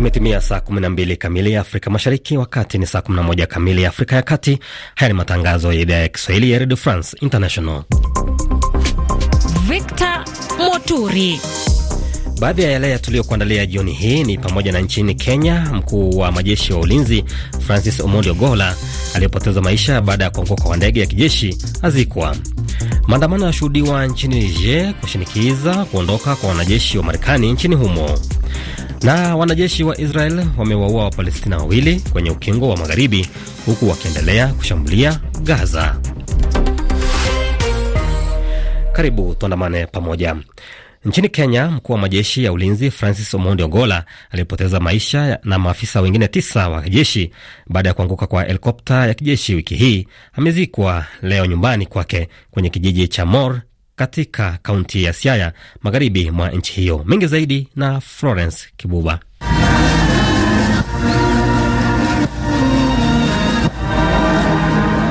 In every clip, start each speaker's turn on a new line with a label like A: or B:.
A: Imetimia saa 12 kamili ya Afrika Mashariki, wakati ni saa 11 kamili ya Afrika ya Kati. Haya ni matangazo ya idhaa ya Kiswahili ya Redio France International.
B: Victor Moturi.
A: Baadhi ya yale tuliyokuandalia jioni hii ni pamoja na nchini Kenya, mkuu wa majeshi wa ulinzi Francis Omondi Ogola aliyepoteza maisha baada ya kuanguka kwa ndege ya kijeshi azikwa. Maandamano yashuhudiwa nchini Niger kushinikiza kuondoka kwa wanajeshi wa Marekani nchini humo. Na wanajeshi wa Israel wamewaua Wapalestina wawili kwenye ukingo wa Magharibi, huku wakiendelea kushambulia Gaza. Karibu tuandamane pamoja. Nchini Kenya, mkuu wa majeshi ya ulinzi Francis Omondi Ogola alipoteza maisha na maafisa wengine tisa wa kijeshi baada ya kuanguka kwa helikopta ya kijeshi wiki hii. Amezikwa leo nyumbani kwake kwenye kijiji cha Mor katika kaunti ya Siaya, magharibi mwa nchi hiyo. Mengi zaidi na Florence Kibuba.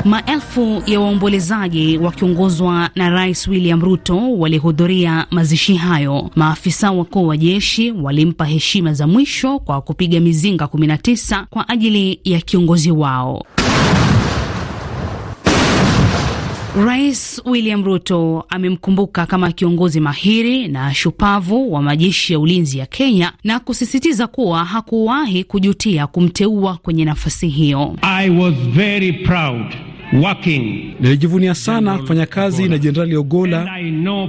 B: Maelfu ya waombolezaji wakiongozwa na Rais William Ruto walihudhuria mazishi hayo. Maafisa wakuu wa jeshi walimpa heshima za mwisho kwa kupiga mizinga 19 kwa ajili ya kiongozi wao. Rais William Ruto amemkumbuka kama kiongozi mahiri na shupavu wa majeshi ya ulinzi ya Kenya na kusisitiza kuwa hakuwahi kujutia kumteua kwenye nafasi hiyo.
C: I was very proud. Nilijivunia sana kufanya kazi na Jenerali Ogola.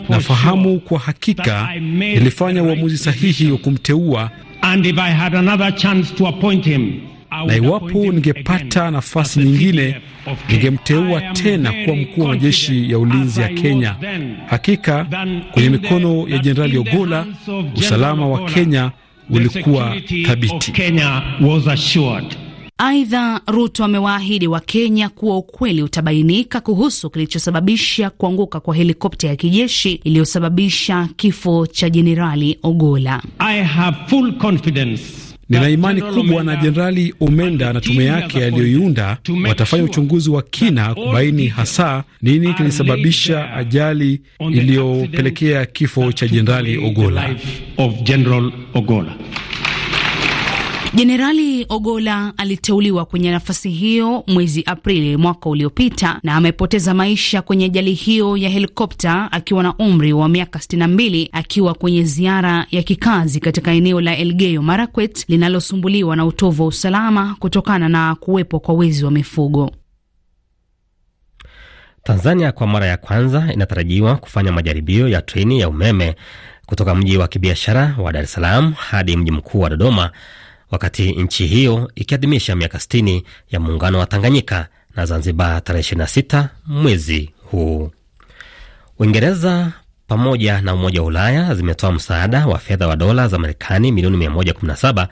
C: Nafahamu kwa hakika nilifanya uamuzi sahihi wa kumteua na iwapo ningepata nafasi nyingine, ningemteua tena kuwa mkuu wa majeshi ya ulinzi ya Kenya. Hakika kwenye mikono ya Jenerali Ogola usalama wa Kenya ulikuwa thabiti.
B: Aidha, Ruto amewaahidi wa kenya kuwa ukweli utabainika kuhusu kilichosababisha kuanguka kwa helikopta ya kijeshi iliyosababisha kifo cha Jenerali Ogola.
C: I have full confidence Nina imani kubwa na Jenerali Omenda na tume yake aliyoiunda, watafanya uchunguzi wa kina kubaini hasa nini kilisababisha ajali iliyopelekea kifo cha Jenerali Ogola.
B: Jenerali Ogola aliteuliwa kwenye nafasi hiyo mwezi Aprili mwaka uliopita na amepoteza maisha kwenye ajali hiyo ya helikopta akiwa na umri wa miaka 62 akiwa kwenye ziara ya kikazi katika eneo la Elgeyo Marakwet linalosumbuliwa na utovu wa usalama kutokana na kuwepo kwa wezi wa mifugo.
A: Tanzania kwa mara ya kwanza inatarajiwa kufanya majaribio ya treni ya umeme kutoka mji wa kibiashara wa Dar es Salaam hadi mji mkuu wa Dodoma wakati nchi hiyo ikiadhimisha miaka 60 ya muungano wa Tanganyika na Zanzibar tarehe 26 mwezi huu. Uingereza pamoja na Umoja wa Ulaya zimetoa msaada wa fedha wa dola za Marekani milioni 117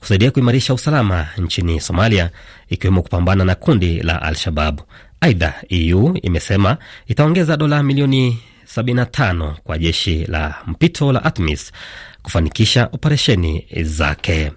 A: kusaidia kuimarisha usalama nchini Somalia, ikiwemo kupambana na kundi la al shabab Aidha, EU imesema itaongeza dola milioni 75 kwa jeshi la mpito la ATMIS kufanikisha operesheni zake.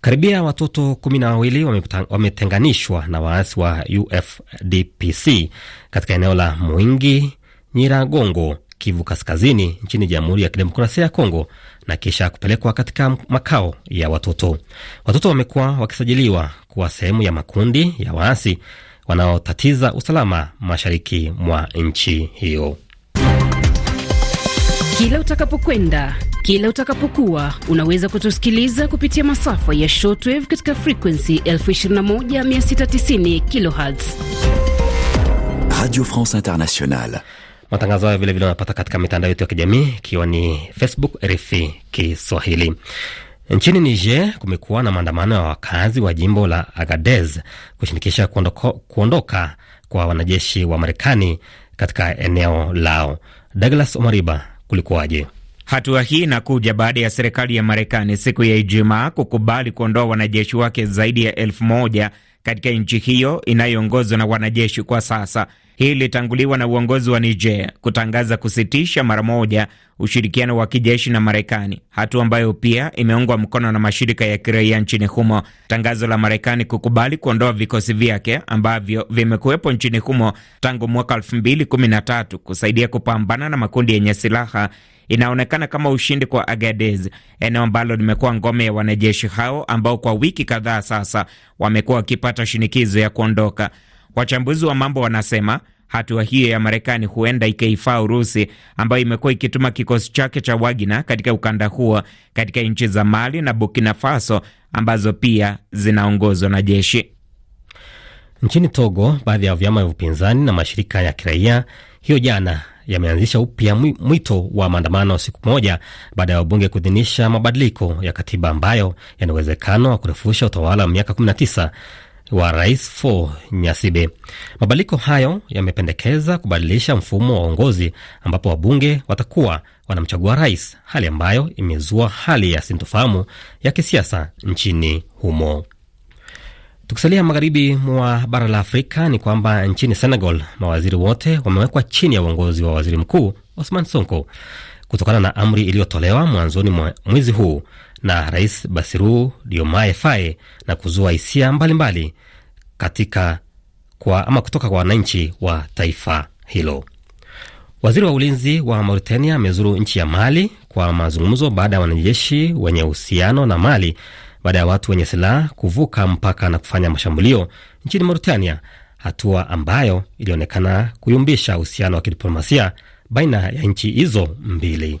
A: Karibia watoto kumi na wawili wametenganishwa na waasi wa UFDPC katika eneo la Mwingi Nyiragongo, Kivu Kaskazini, nchini Jamhuri ya Kidemokrasia ya Kongo na kisha kupelekwa katika makao ya watoto. Watoto wamekuwa wakisajiliwa kuwa sehemu ya makundi ya waasi wanaotatiza usalama mashariki mwa nchi hiyo.
B: Kila utakapokwenda kila utakapokuwa unaweza kutusikiliza kupitia masafa ya shortwave katika frekuensi 21690 kHz,
A: Radio France International. Matangazo hayo vilevile unapata katika mitandao yetu ya kijamii ikiwa ni Facebook RFI Kiswahili. Nchini Niger kumekuwa na maandamano ya wakazi wa jimbo la Agadez kushinikisha kuondoka kwa wanajeshi wa Marekani katika eneo lao. Douglas Omariba, kulikuwaje? Hatua hii inakuja baada ya serikali ya Marekani siku ya Ijumaa kukubali kuondoa wanajeshi wake zaidi ya elfu moja katika nchi hiyo inayoongozwa na wanajeshi kwa sasa. Hii ilitanguliwa na uongozi wa Niger kutangaza kusitisha mara moja ushirikiano wa kijeshi na Marekani, hatua ambayo pia imeungwa mkono na mashirika ya kiraia nchini humo. Tangazo la Marekani kukubali kuondoa vikosi vyake ambavyo vimekuwepo nchini humo tangu mwaka 2013 kusaidia kupambana na makundi yenye silaha inaonekana kama ushindi kwa Agadez, eneo ambalo limekuwa ngome ya wanajeshi hao ambao kwa wiki kadhaa sasa wamekuwa wakipata shinikizo ya kuondoka. Wachambuzi wa mambo wanasema hatua hiyo ya Marekani huenda ikaifaa Urusi ambayo imekuwa ikituma kikosi chake cha Wagner katika ukanda huo katika nchi za Mali na Burkina Faso ambazo pia zinaongozwa na jeshi. Nchini Togo, baadhi ya vyama vya upinzani na mashirika ya kiraia hiyo jana yameanzisha upya mwito wa maandamano siku moja baada ya wabunge kuidhinisha mabadiliko ya katiba ambayo yana uwezekano wa kurefusha utawala wa miaka 19 wa Rais Faure Nyasibe. Mabadiliko hayo yamependekeza kubadilisha mfumo wa uongozi ambapo wabunge watakuwa wanamchagua rais, hali ambayo imezua hali ya sintofahamu ya kisiasa nchini humo. Tukisalia magharibi mwa bara la Afrika ni kwamba nchini Senegal mawaziri wote wamewekwa chini ya uongozi wa waziri mkuu Osman Sonko kutokana na amri iliyotolewa mwanzoni mwa mwezi huu na Rais Basiru Diomaye Faye na kuzua hisia mbalimbali katika kwa, ama kutoka kwa wananchi wa taifa hilo. Waziri wa ulinzi wa Mauritania amezuru nchi ya Mali kwa mazungumzo baada ya wanajeshi wenye uhusiano na Mali baada ya watu wenye silaha kuvuka mpaka na kufanya mashambulio nchini Mauritania, hatua ambayo ilionekana kuyumbisha uhusiano wa kidiplomasia baina ya nchi hizo mbili.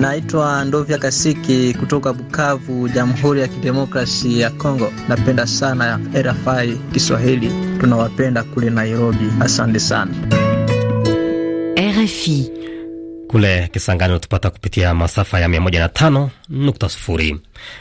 A: Naitwa Ndovya Kasiki kutoka Bukavu, Jamhuri ya Kidemokrasi ya Kongo. Napenda sana RFI Kiswahili, tunawapenda kule Nairobi. Asante sana RFI kule Kisangani unatupata kupitia masafa ya 105.0.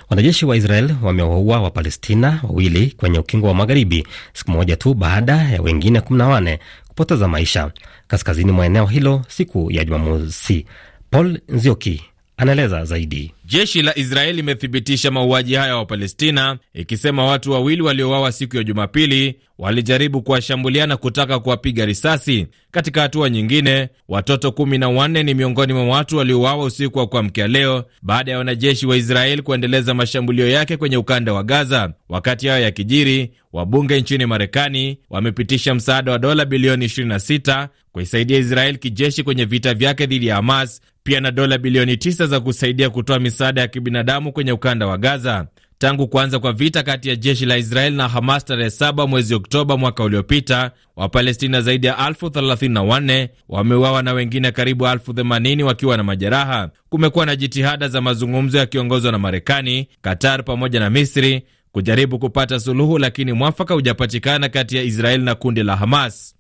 A: Wanajeshi wa Israel wamewaua Wapalestina wawili kwenye ukingo wa magharibi siku moja tu baada ya wengine 14 kupoteza maisha kaskazini mwa eneo hilo siku ya Jumamosi. Paul Nzioki anaeleza zaidi.
C: Jeshi la Israeli limethibitisha mauaji haya wa Palestina, ikisema watu wawili waliowawa siku ya Jumapili walijaribu kuwashambulia na kutaka kuwapiga risasi. Katika hatua nyingine, watoto 1 na wanne ni miongoni mwa watu waliowawa usiku wa kuamkia leo baada ya wanajeshi wa Israeli kuendeleza mashambulio yake kwenye ukanda wa Gaza. Wakati hayo yakijiri, wabunge nchini Marekani wamepitisha msaada wa dola bilioni 26 kuisaidia Israeli kijeshi kwenye vita vyake dhidi ya Hamas pia na dola bilioni 9 za kusaidia kutoa misaada ya kibinadamu kwenye ukanda wa Gaza. Tangu kuanza kwa vita kati ya jeshi la Israel na Hamas tarehe 7 mwezi Oktoba mwaka uliopita, Wapalestina zaidi ya elfu 34 wameuawa na wengine karibu elfu 80 wakiwa na majeraha. Kumekuwa na jitihada za mazungumzo yakiongozwa na Marekani, Qatar pamoja na Misri kujaribu kupata suluhu, lakini mwafaka hujapatikana kati ya Israel na kundi la
A: Hamas.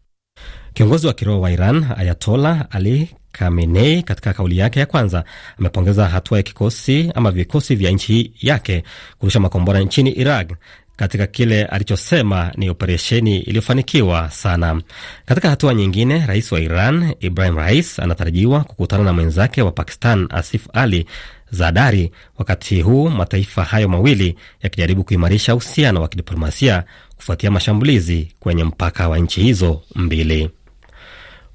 A: Kiongozi wa kiroho wa Iran Ayatola Ali Khamenei katika kauli yake ya kwanza amepongeza hatua ya kikosi ama vikosi vya nchi yake kurusha makombora nchini Iraq katika kile alichosema ni operesheni iliyofanikiwa sana. Katika hatua nyingine, rais wa Iran Ibrahim Rais anatarajiwa kukutana na mwenzake wa Pakistan Asif Ali Zadari, wakati huu mataifa hayo mawili yakijaribu kuimarisha uhusiano wa kidiplomasia kufuatia mashambulizi kwenye mpaka wa nchi hizo mbili.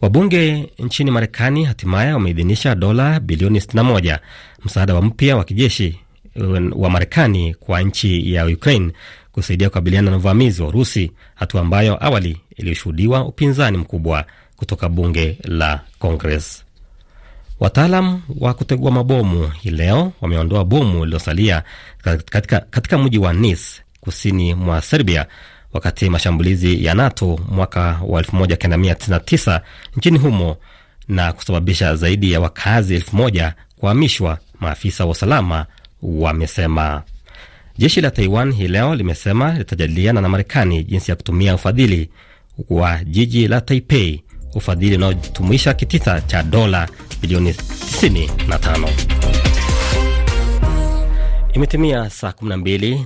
A: Wabunge nchini Marekani hatimaye wameidhinisha dola bilioni 61 msaada wa mpya wa kijeshi eh, wa Marekani kwa nchi ya Ukraine kusaidia kukabiliana na uvamizi wa Urusi, hatua ambayo awali iliyoshuhudiwa upinzani mkubwa kutoka bunge la Congress. Wataalam wa kutegua mabomu hii leo wameondoa bomu lililosalia katika, katika mji wa nis kusini mwa Serbia wakati mashambulizi ya NATO mwaka wa 1999 nchini humo na kusababisha zaidi ya wakazi elfu moja kuhamishwa, maafisa wa usalama wamesema. Jeshi la Taiwan hii leo limesema litajadiliana na Marekani jinsi ya kutumia ufadhili wa jiji la Taipei, ufadhili unaojumuisha kitita cha dola bilioni 95. Imetimia saa 12.